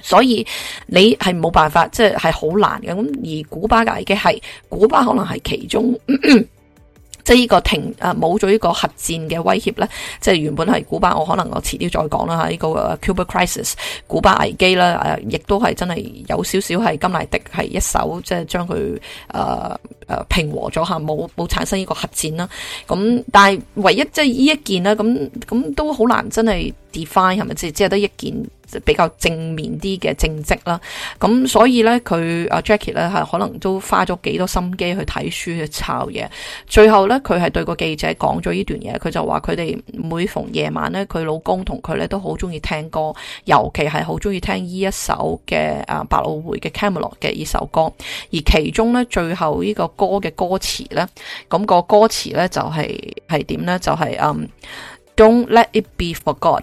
所以你係冇辦法，即係係好難嘅。咁而古巴嘅危機係古巴，可能係其中。咳咳即係呢個停，誒冇咗呢個核戰嘅威脅咧，即係原本係古巴，我可能我遲啲再講啦吓，呢、這個誒 Cuba Crisis 古巴危機啦，誒、啊、亦都係真係有少少係甘迺迪係一手，即係將佢誒誒平和咗下，冇冇產生呢個核戰啦。咁但係唯一即係呢一件啦，咁咁都好難真係 define 係咪？即係即係得一件。比較正面啲嘅政績啦，咁所以呢，佢阿 Jackie 咧係可能都花咗幾多心機去睇書去抄嘢，最後呢，佢係對個記者講咗呢段嘢，佢就話佢哋每逢夜晚呢，佢老公同佢呢都好中意聽歌，尤其係好中意聽呢一首嘅啊百老匯嘅 Camelot 嘅呢首歌，而其中呢，最後呢個歌嘅歌詞呢，咁個歌詞呢，就係係點呢？就係嗯，Don't let it be forgot。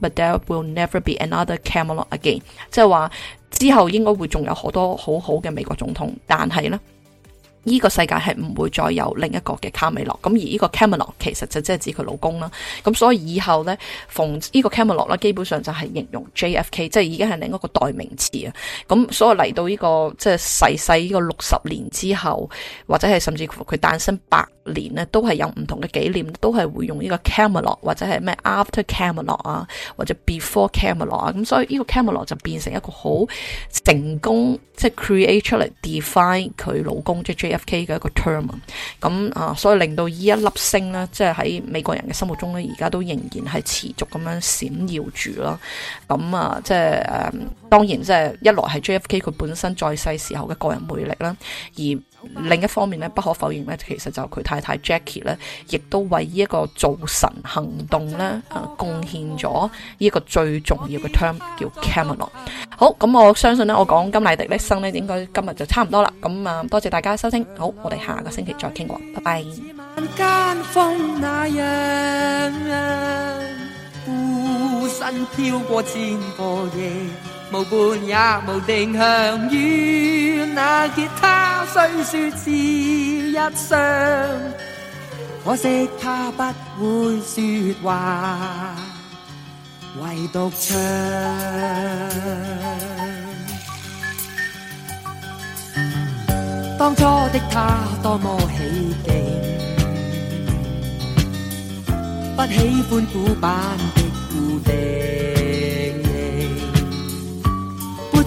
But there will never be another Camelot again，即係話之後應該會仲有好多好好嘅美國總統，但係呢，呢、呢個世界係唔會再有另一個嘅卡米洛。咁而呢個 Camelot 其實就即係指佢老公啦。咁所以以後呢，逢呢個 Camelot 基本上就係形容 JFK，即係已經係另一個代名詞啊。咁所以嚟到呢、呢個即係逝世呢個六十年之後，或者係甚至乎佢誕生白。年咧都係有唔同嘅紀念，都係會用呢個 Camelot 或者係咩 After Camelot 啊，或者 Before Camelot 啊，咁所以呢個 Camelot 就變成一個好成功，即係 create 出嚟 define 佢老公即係 JFK 嘅一個 term 咁啊，所以令到呢一粒星咧，即係喺美國人嘅心目中咧，而家都仍然係持續咁樣閃耀住啦，咁啊，即係誒當然即係一來係 JFK 佢本身在世時候嘅個人魅力啦，而另一方面咧，不可否認咧，其實就佢太。太太 Jackie 咧，亦都為呢一個造神行動咧，啊貢獻咗呢一個最重要嘅 term 叫 Camelot。好咁，那我相信咧，我講甘迺迪呢，生咧，應該今日就差唔多啦。咁啊，多謝大家收聽，好，我哋下個星期再傾過，拜拜。 <music> 無伴也無定向，與那吉他雖說是一生，可惜他不會說話，唯獨唱。 <noise> 當初的他多麼喜靜，不喜歡古板的固定。